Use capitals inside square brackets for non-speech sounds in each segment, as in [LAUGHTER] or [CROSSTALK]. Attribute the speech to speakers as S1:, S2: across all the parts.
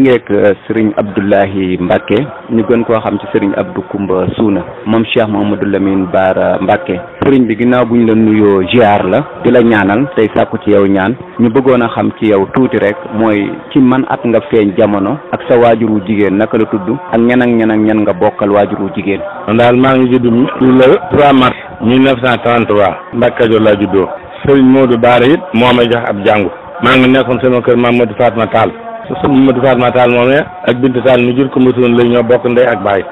S1: ngeek euh, sëriñ Abdoulahi Mbacke ñu gën koo xam ci sëriñ Abdou Koumba Suuna moom Cheikh Mahamadou Lamine Baara Mbacke sëriñ bi ginnaaw bu ñu la nuyoo ziar la di la ñaanal tey sàkku ci yaw ñaan ñu bëggoon a xam ci yaw tuuti rek mooy ci man at nga feeñ jamono ak sa waajuru jigéen naka la tudd ak ñan ak ñan ak ñan nga bokkal waajuru jigéen. kon daal maa
S2: ngi judd le 3 mars 1933 Mbacke Kajoor laa juddoo sëriñ Modou Baara it moo ma jox ab jàngu maa ngi nekkoon sama kër Mamadou Fatma Tall. sëñ Madou Fatma Tall moom ak Bintu Tall mi jur ko matuwoon la ñoo bokk ndey ak baay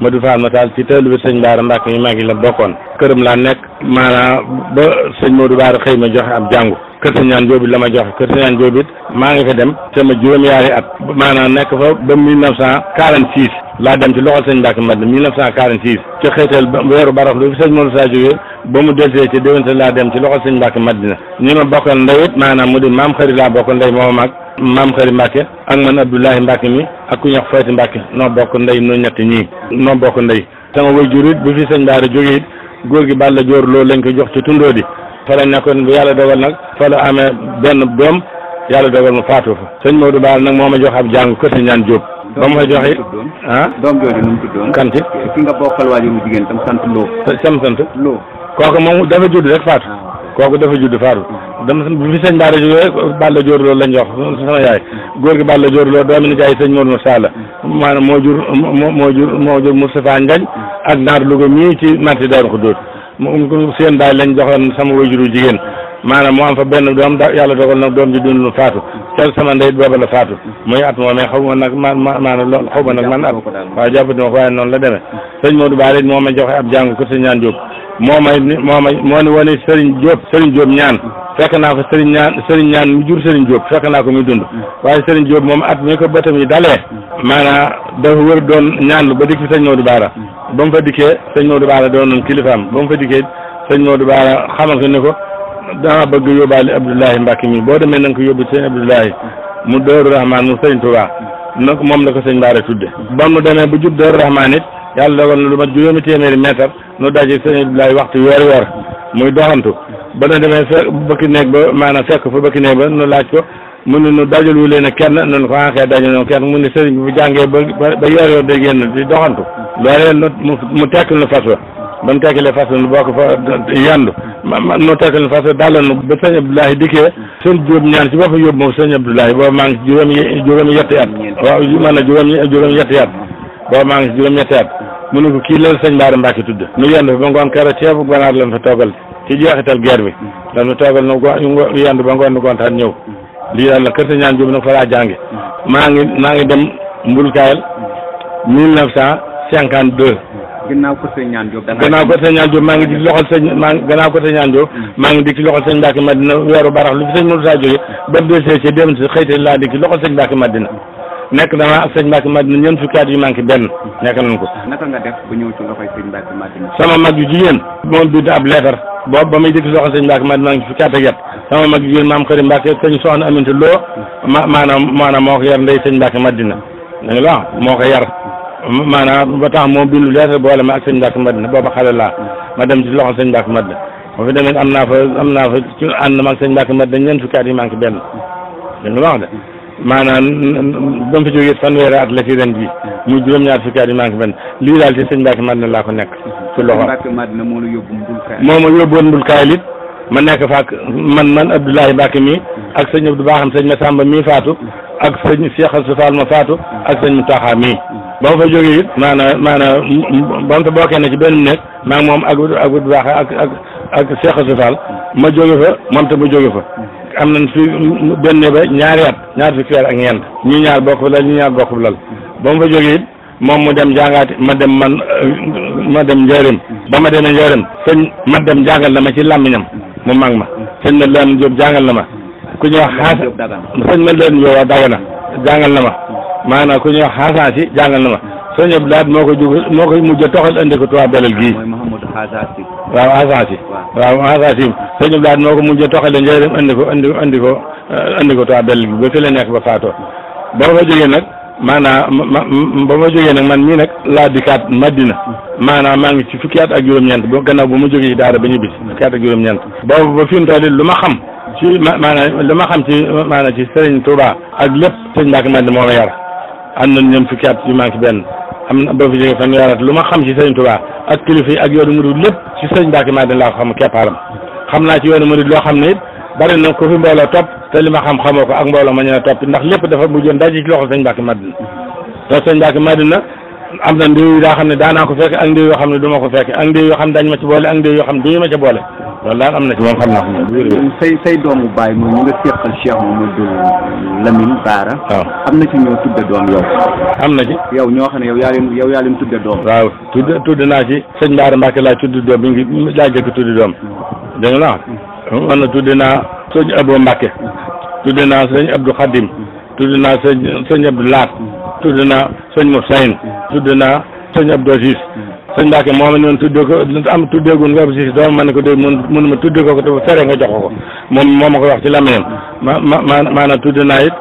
S2: Madou Fatma Tall ci teelu la bokkoon këram laa nekk maanaam ba sëñ ma joxe ab jàngu kër sëñ ñaan la ma joxe kër maa ngi fa dem te ma juróom-yaari at nekk fa ba 1946 laa dem ci loxol sëñ Mbàkke Madina 1946 ca xëytal weeru barax lu fi sëñ Modou Sa jógee ba mu deltee ci déwénte laa dem ci loxol sëñ Mbàkke Madina ñi ma bokkal ndey it maanaam mu di maam xëri laa bokkal ndey moom mag maam xëri Mbacke ak man Abdoulahi Mbacke mi ak ku ñuy wax Fayti noo bokk ndey noo ñett ñii noo bokk ndey sama waajur it bu fi sëñ Baara jógee it góor gi Balla Joor lool lañ ko jox ci tundoo di fa la nekkoon bu yàlla dogal nag fa la amee benn doom yàlla dogal ma faatu fa sëñ du Baara nag moo ma jox ab jàng kër si ñaan Jóob ba ma fa joxe ah doom jooju nu mu tuddoon kan ci ki nga bokkal waajur mu jigéen tam sant Lo sam sant Lo kooku moom dafa judd rek faatu ah, kooku dafa judd faatu ah. dama bu fi sëñ Balla jógee Balla Dior loolu lañ jox sama yaay góor gi Balla Dior loolu doomi nijaay sëñ Mor Moussa la maanaam moo jur moo jur moo jur Moustapha Ngañ ak naar Louga mii ci marché Daaru Xudoot mu seen baay lañ joxoon sama wajuru jigéen maanaam moo am fa benn doom yàlla dogal na doom ji dund lu faatu ca sama ndey booba la faatu muy at moomee xaw ma nag ma xaw ma nag man at waaw jàppati ma ko waaye noonu la demee sëñ Modou Ba moo ma joxe ab jàng ko sëñ Ñaan Diop moo may moo may moo ni wane Serigne Diop Serigne Diop ñaan fekk naa ko Serigne ñaan Serigne ñaan mu jur Serigne Diop fekk naa ko muy dund waaye sëriñ Diop moom at mi ko bëtam yi dalee maanaam dafa wër doon ñaan ba dikk fi sëñ Modou Bara ba mu fa dikkee sëñ Modou Bara doon nañ kilifaam ba mu fa dikkee sëñ du Bara xamal ko ne ko dama bëgg yóbbaale Abdoulahi mbakk mi boo demee na ko yóbbu sëñ Abdoulahi mu Dóoru Rahman mu sëñ Touba nag moom la ko sëñ Bara tudde ba mu demee bu jub Dóoru Rahman it yàlla lu mat juróomi téeméeri nu daje sëñ Abdoulaye waxtu weer weer muy doxantu ba nu demee fe bëkki néeg ba maanaam fekk fa bëkki néeg ba nu laaj ko mu ne nu dajalu leen kenn nun ko enquête ah dajaloo kenn mu ne sëriñ bi bu jàngee ba ba yor yor day génn di doxantu loolee nu mu tekkil nu fas wa ba nu wa nu bokk fa yandu nu tekkil nu fas wa dalal nu ba sëñ Abdoulaye dikkee sëñ Jóob ñaan ci boppam yóbbu moom sëñ Abdoulaye boobu maa ngi si juróomi juróomi yetti waaw man na juróomi juróomi yetti at boobu maa ngi si juróomi mu ne ko kii loolu sëñ Baara Mbacke tudd nu yendu fi ba ngoon keroog ceebu ganaar lañ fa toogal ci jeexital guerre bi lañ fa toogal nu go nu gontaan ñëw lii daal la kër sa ñaan jub nag fa laa jànge maa ngi maa ngi dem mbulkaayal mille neuf cent cinquante deux gannaaw ko sëñ ñaan Diop gannaaw ko sëñ ñaan maa ngi di maa ngi gannaaw ko sëñ maa ngi dikk ci loxol sëñ Mbacke Madina weeru barax lu fi sëñ Moussa jóge ba deux ci dem si xëyte laa dikk ci loxol sëñ Mbacke Madina nekk dama ak sëñ Mbacke Madina ñeent fukki at yu manqué benn nekk nañ ko.
S1: naka nga def ba ñëw ci loxoy sëñ Mbacke
S2: Madina. sama mag yu jigéen. moom bind ab lettre boobu ba muy dëkk soxna sëñ Mbacke Madina maa ngi fukki at ak yet sama mag yu jigéen maam Xëri Mbacke sëñ ma maanaam moo ko yar ndey sëñ Mbacke Madina moo ko yar maanaam ba tax moom bindu lettre boole ma ak sëñ Mbacke Madina booba xale laa ma dem ci loxo sëñ Mbacke Madina ma fi demee am naa fa am naa fa ci ànd ma ak sëñ Mbacke Madina ñeent fukki at yu manqué benn da nga de maanaam ba mu fi jógee fanweeri at la ci ren bi muy juróom-ñaar fukki at yi manqué benn lii daal ci sëñ Mbacke Madina laa ko nekk ci loxo
S1: moo ma yóbboon
S2: Mbul Kaalit ma nekk faak man man Abdoulaye Mbacke mii ak sëñ Abdou Baaxam sëñ Massamba mii faatu ak sëñ Cheikh Assou Fall ma faatu ak sëñ Moutaxa mii ba ma fa jógee it maanaam maanaam ba ma fa bokkee na ci benn nekk maa moom ak ak Abdou Baax ak ak ak Cheikh Assou ma jóge fa moom te ma jóge fa am na fi benn ba ñaari at ñaar fukki weer ak ñeent ñu ñaar bokk lal ñu ñaar bokk lal ba mu fa jógee it moom mu dem jàngaati ma dem man euh, ma dem njëriñ ba ma demee njëriñ sañ ma dem jàngal na ma ci làmmiñam mu mag ma sëñ ma leen Jóob jàngal na ma ku ñuy wax xaas sëñ ma leen Jóob waa na jàngal na ma maanaam ku ñuy wax xaasaasi jàngal na ma sëñ Abdou Lahad moo ko jóg moo ko mujj toxal indi ko Touba Belel gii asaasim waaw asaasim waaw asaasim sëñ Abdou Lahad moo ko mujj toxale njëriñ andi ko andi andi ko andi ko toog bell bi ba fi la nekk ba faatoo ba ma fa jógee nag maanaam ma ba ma jógee nag man mii nag laa dikkaat Madina maanaam maa ngi ci fukki ak juróom-ñeent ba gannaaw ba ma jógee ci daara ba ñu bis fukki at ak juróom-ñeent boobu ba fi mu toll lu ma xam ci maanaam lu ma xam ci maanaam ci Sëriñ Touba ak lépp sëñ Mbacke Madina moo ma yar ànd nañ ñoom fukki at yu maa ci benn am na ba fi jógee fan yaaraat lu ma xam ci sëriñ Tuubaa ak kilifa yi ak yoonu murid lépp ci sëriñ Mbàkke maa laa ko xam keppaaram xam naa ci yoonu murid loo xam ne it bari na ko fi mbooloo topp te li ma xam xamoo ko ak mbooloo ma ñu topp ndax lépp dafa mujjoon daje ci loxo sëriñ Mbàkke Madina te sëriñ Mbàkke Madina am na ndéw yi daa xam ne daanaa ko fekk ak ndéw yoo xam ne du ko fekk ak ndéw yoo xam dañ ma ci boole ak ndéw yoo xam ne boole loolu daal am na ci moom xam naa ko moom. wér say say
S1: doomu baay mooy ñu nga seqal Cheikh Mamadou Lamine Baara. waaw am na ci ñoo tudde
S2: doom yow. am na ci. yow ñoo xam ne yow yaa leen yow yaa leen tudde doom. waaw tudd tudd naa ci. sëñ Baara Mbacke laa tudd doom bi ngi laa jëkk tudd doom. dégg nga waaw. man tudd naa sëñ Abou Mbacke. tudd naa sëñ Abdou Khadim. tudd naa sëñ sëñ Abdou Laat. tudd naa sëñ Moussa Seyne. tudd naa sëñ Abdou Aziz. sëñ Mbacke moo ma ñëwoon tudd ko am tudd gun weeru si doom ma ne ko dégg mun mun ma tuddee ko te fere nga jox ko moom moo ma ko wax ci lamiñam ma ma maanaam tuddee naa it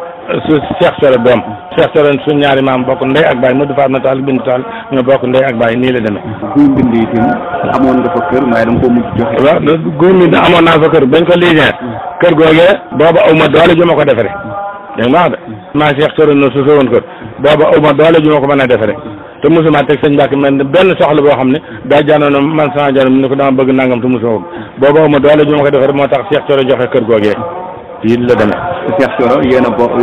S2: su Cheikh Soro doom Cheikh Soro suñ ñaari maam bokk ndey ak baay Modou Fatma Tall Bintu Tall ñoo bokk ndey ak nii la demee.
S1: guy mbind itam
S2: amoon kër waaye dama ko mujj joxe. waaw guy naa fa kër bañ ko liggéey kër googee booba aw ma doole ju ko defaree dégg nga maa de maa Cheikh no su soowoon kër booba aw ma doole ju ko mën a defaree te mosuma teg sëñ Mbàkke man benn soxla boo xam ne daa jaanoon man sama jaanam ne ko dama bëgg nangam te mosuma ko boobu aw ma doole ñu ma ko defar moo tax Cheikh Thioro joxe kër googee fii la demee. Cheikh Thioro yéen a
S1: bokk.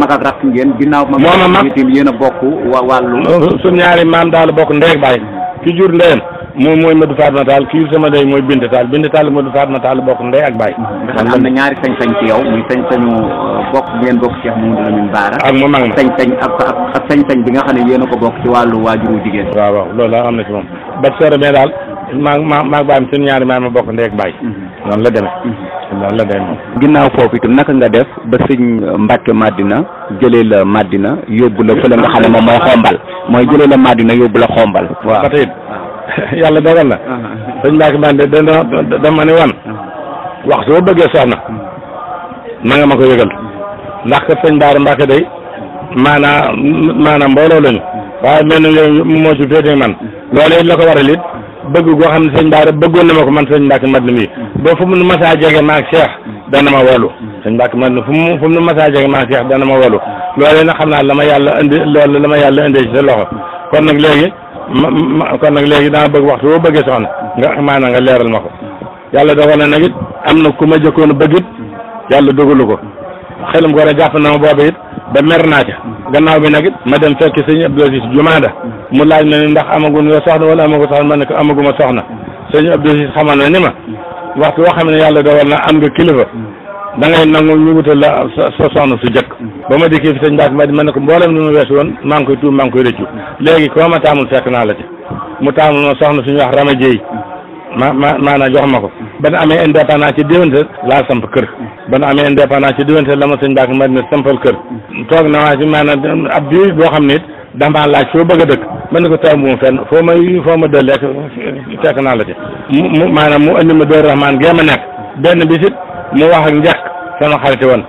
S1: mag ak rakk ngeen ginnaaw. moom a mag yéen a bokk wàllu.
S2: suñu ñaari maam daal bokk ndey ak baay ki jur ndeyam. moom mooy Madou Fatma taal kii sama ndey mooy Binta Tall Binta Tall Madou Fatma Tall bokk ndey ak baay. nga xam
S1: ne ñaari sañ-sañ ci yow muy sañ-sañu uh, bokk ngeen bokk Cheikh Mamadou Lamine Bara. ak moom ak ma sañ-sañ ak
S2: ak sañ-sañ bi nga xam ne yéen a ko bokk ci wàllu waajuru jigéen. waaw waaw loolu laa xam ne ci moom bat soore mais daal maa maa maa baam suñu ñaari maa ma bokk ndey ak baay. Mhm. noonu la demee. Mhm. noonu la
S1: ginnaaw foofu itam naka nga def ba sëñ Mbacke Madina jëlee la la
S2: fële nga xam ne moom mooy la Madina yóbbu la [LAUGHS] yàlla dogal na sëñ Mbacke Bande dana dama ne wan wax soo bëggee soxna ma nga ma ko yëgal ndax kat sëñ Baara Mbacke day maanaam maanaam mbooloo lañu waaye mel moo ci féetee man loolu it la ko waral it bëgg goo xam ne sëñ Baara na ma ko man sëñ Mbacke Madina mi boo fu mu nu masaa jege maag Cheikh dana ma wolu sëñ Mbacke Madina fu mu fu mu nu masaa jege maag Cheikh dana ma wolu loolee nag xam naa la ma yàlla indi loolu la ma yàlla indee ci loxo kon nag léegi ma kon nag léegi dama bëgg waxtu woo bëggee soxna nga maanaam nga leeral ma ko yàlla dogal na nag it am na ku ma jëkkoon bëgg it yàlla dogalu ko xelam ko war a jàpp na ma boobu it ba mer naa ca gannaaw bi nag it ma dem fekk sëñ Abdou Aziz Jumaada mu laaj ma ni ndax amagu nga soxna wala amagu soxna ma ne amaguma soxna sëñ Abdou Aziz na ni ma waxtu boo xam ne yàlla dogal na am nga kilifa da ngay nangu ñu wutal la sa soxna su jëkk ba ma dikkee fi sëñ Bass ma man ne ko mboolem lu ma weesu woon maa ngi koy tuub maa ngi koy rëccu léegi koo ma taamul fekk naa la ci mu taamul ma soxna suñu wax Rama Jéy ma ma maanaam jox ma ko ban amee indépendance ci déwénte laa samp kër ban amee indépendance ci déwénte la ma sëñ Bass ma dina sampal kër toog na waa si maanaam ab biir boo xam ne it laaj foo bëgg a dëkk man ne ko taw moom fenn foo ma foo ma dëll rek fekk naa la ci mu maanaam mu indi ma door Rahman gee ma nekk benn bisit mu wax ak njëkk sama xarit woon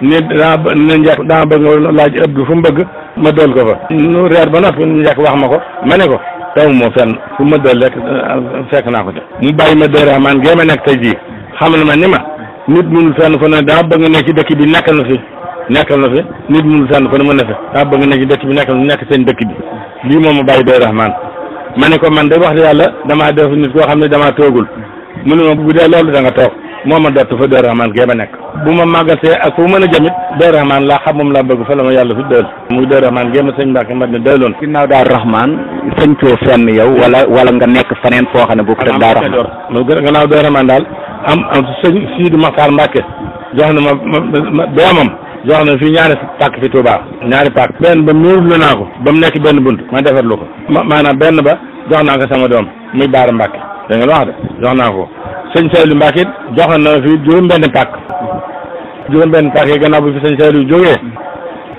S2: ne daa ne njàkk daa bëgg nga laaj ëpp bi fu mu bëgg ma dool ko fa nu reer ba noppi njàkk wax ma ko ma ne ko taw moo fenn fu ma dool rek euh, fekk naa ko ca mu bàyyi ma dee raxmaan géema nekk tey jii xamal ma ni ma nit munul fenn fa ne daa bëgg ne ci dëkk bi nekkal na fi nekkal na fi nit munul fenn fa ne mu ne fi daa bëgg ne ci dëkk bi nekkal nekk seen dëkk bi lii moom ma bàyyi dee raxmaan ma ne ko man de wax yàlla damaa def nit koo xam ne damaa toogul mu ne ma bu dee loolu da nga toog moo a dott fa Daaru Rahmaan gee nekk bu ma màggasee ak fu mën a jamit Daaru Rahmaan laa xam moom laa bëgg fa la ma yàlla fi dël muy Daaru Rahmaan gee ma sëñ Mbàkke mat ne dëloon ginnaaw Daaru Rahmaan sëñcoo yow wala wala nga nekk feneen foo xam ne bokk ak Daaru Rahmaan mu gannaaw Daaru Rahmaan daal am am sëñ Siidu Maxtaar Mbàkke jox na ma ma ma doomam jox na fii ñaari pàkk fi Touba ñaari pàkk benn ba muurlu naa ko ba mu nekk benn bunt ma defar lu ko maanaam benn ba jox naa ko sama doom muy Baara Mbàkke da nga wax de jox naa ko sëñ Saliou lu it jox na fi juróom-benn pàkk juróom-benn pàkk yi gannaaw bu fi sëñ Saliou jógee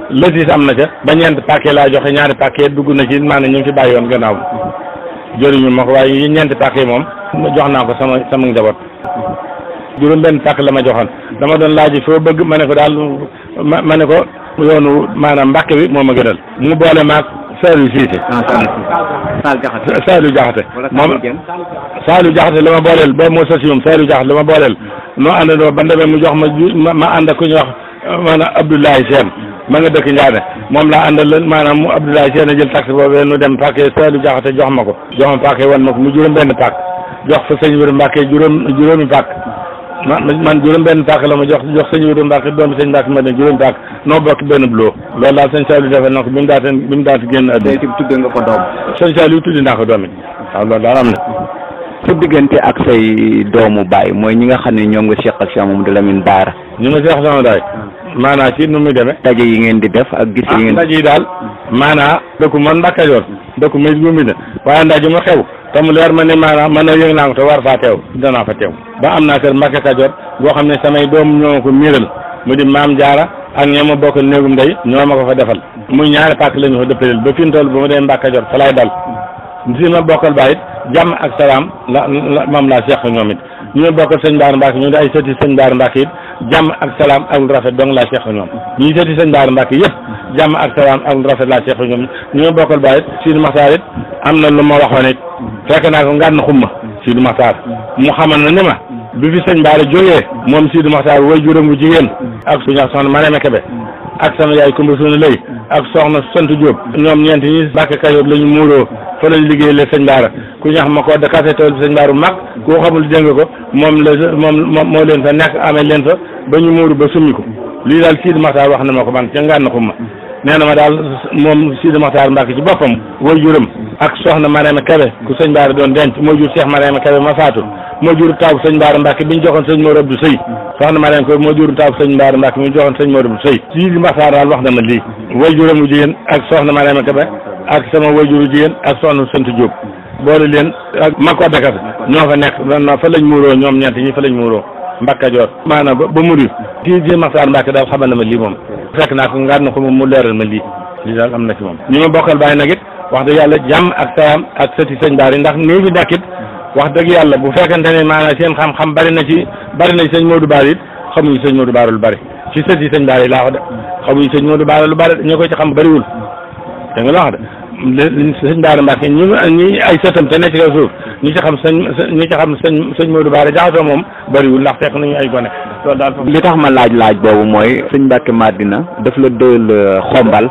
S2: lëtis am na ca ba ñeent pàkk laa joxe ñaari pàkk yi dugg na ci maanaam ñu ngi fi bàyyi woon gannaaw jëriñu ma ko waaye yi ñeenti pàkk yi moom jox naa ko sama sama njaboot juróom-benn pàkk la ma joxoon dama doon laaj foo bëgg ma ne ko daal ma ne ko yoonu maanaam Mbacke bi moo ma gënal mu boole maag Ah, Saliou Cissé. Saliou Diakhaté Saliou Diakhaté. moom Saliou Diakhaté la ma booleel ba moo sës moom Saliou Diakhaté la ma booleel. noo àndandoo ba demee mu jox ma ma ma ànd ku ñuy wax maanaam Abdoulaye Sène ma nga dëkk Ndiané moom laa àndal leen maanaam mu Abdoulaye Sène jël taxi boobu nu dem pàkkee Saliou Diakhaté jox ma ko. jox ma pàkkee wan ma ko mu juróom benn pak jox fa sëñ Wéru Mbàkke juróom juróomi pàkk man man juróom benn pàkk la ma jox jox sëñ Wéru Mbàkke doomi sëñ Mbàkke ma ne juróomi pàkk noo bokk benn buloo loolu daal sëñ Saliou defal na ko bi mu daata bi mu daata génn àdduna tudd nga ko doom sëñ naa ko doom it waaw loolu daal am na
S1: sa diggante ak say doomu baay mooy ñi nga xam ne ñoom nga seq ak Cheikh Mamadou Lamine
S2: Bara ñu nga seq sama daay maanaa ci nu muy demee daje yi ngeen di def ak gis yi ngeen ah, daje yi daal maanaa dëkku man Mbàkke Kajoor dëkku may gumi na waaye ndaje ma xew te mu leer ma ne maanaam man na yëg naa ko te war faa teew danaa fa teew ba am naa kër Mbàkke Kajoor boo xam ne samay doom ñoo ko miiral mu di ak ñoo ma bokk néegum ndey ñoo ma ko fa defal muy ñaari pàkk la ñu fa dëppaleel ba fi mu toll bu ma dee Mbàkke jot fa laay dal si ma bokkal baay it jàmm ak salaam la la moom laa seq ñoom it ñu ma bokkal sëñ Baara Mbàkke ñu ay sëti sëñ Baara Mbàkke it jàmm ak salaam ak lu rafet dong laa seq ñoom ñii sëti sëñ Baara Mbàkke yëpp jàmm ak salaam ak lu rafet laa seq ñoom ñu ma bokkal baay it Sidi Maxtaar it am na lu ma waxoon it fekk naa ko ngànn xumma Sidi Maxtaar mu xamal na ni ma bi fi sëñ Baara jógee moom Sidi Maxtaar way juróom bu jigéen ak suñu soxna Mariama Kebe ak sama yaay Kumba Suuna Lay ak soxna sant Jóob ñoom ñeent ñi Mbàkke Kajoor la ñu muuroo fa lañ liggéey le sëñ Baara ku ñu ma ko da kase tool bi sëñ Baara bu mag koo xamul dégg ko moom la moom moo leen fa nekk amee leen fa ba ñu muuru ba summi ko lii daal Sidi Maxtaar wax na ma ko man ca ngaan na ko ma nee na ma daal moom Sidi Moxtaar Mbàkke ci boppam waajuram ak soxna Mariama Kebe ku sëñ Baara doon denc moo jur Cheikh Mariama Kebe ma faatu moo jur taw sëñ Baara Mbàkke bi ñu joxoon sëñ Mor Abdou Sëy soxna Mariama Kebe moo jur taw sëñ Baara Mbàkke bi ñu joxoon sëñ Mor Abdou Sëy Sidi Moxtaar daal wax na ma lii waajuram bu jigéen ak soxna Mariama Kebe ak sama waajuru jigéen ak soxna sant Jóob boole leen ak Makko Dakar ñoo fa nekk non fa lañ muuroo ñoom ñeent ñi fa lañ muuroo Mbàkke Kajoor maanaa ba ba muri kii Sidi Moxtaar Mbàkke daal na ma lii moom bu fekk naa ko ngaat na ko moom mu leeral ma lii lii daal na ci moom ñi ma bokkal bàyyi nag it wax dëgg yàlla jàmm ak saam ak sëti sëñ Bara ndax nii fi nekk it wax dëgg yàlla bu fekkente ne maanaam seen xam-xam bari na ci bari na ci sëñ Modou Bara it xamuñu sëñ Modou Bara lu bari ci sëti sëñ Bara yi laa wax de xamuñu sëñ Modou Bara lu bari ñu ko ci xam bariwul da nga la wax de sëñ Bara Mbacke ñu ñi ay sëtam te ne ci kaw xam sañ ñi ci xam sëñ sëñ Modou Bara jaxasoo moom bariwul ndax fekk nañu ay gone loolu daal li tax ma laaj
S1: laaj boobu mooy sëñ Mbàkke Madina daf la doyal euh, xombal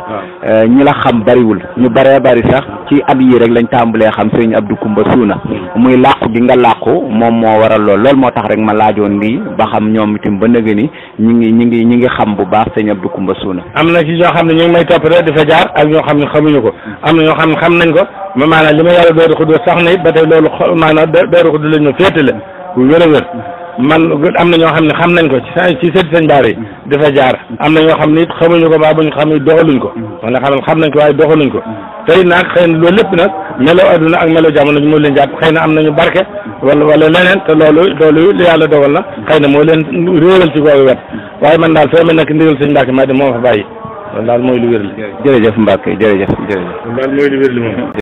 S1: euh, ñi la xam bariwul ñu bare bari sax ci at yii rek lañ tàmbalee xam sëñ Abdou Koumba Suuna hmm. muy làqu gi nga làqu moom moo waral lool loolu moo tax rek ma laajoon lii ba xam ñoom itam ba nëgë ni ñi ngi ñi ngi ñi ngi xam bu baax sëñ du kumba Suuna
S2: am na ci ñoo xam ne ñu ngi may topp rek dafa jaar ak ñoo xam ne xamuñu ko hmm. am na ñoo xam ne xam nañ ko ma maanaam li ma yàlla dooru ko sax na ba tey loolu maanaam dooru ko du lañ ma féetale hmm. man am na ñoo xam ne xam nañ ko ci ci sëti sañ baar yi dafa jaar am na ñoo xam ne it xamuñu ko baa buñ xam ne doxaluñ ko man na xam xam nañ ko waaye doxaluñ ko tey nag xëy na loolu lépp nag meloo adduna ak meloo jamono ji moo leen jàpp xëy na am nañu barke wala wala leneen te loolu loolu yàlla dogal na xëy na moo leen réeral ci googu wet waaye man daal foo ma nekk ndigal sëñ Mbàkke maa di moom fa bàyyi loolu daal mooy lu wér li jërëjëf Mbàkke jërëjëf jërëjëf loolu daal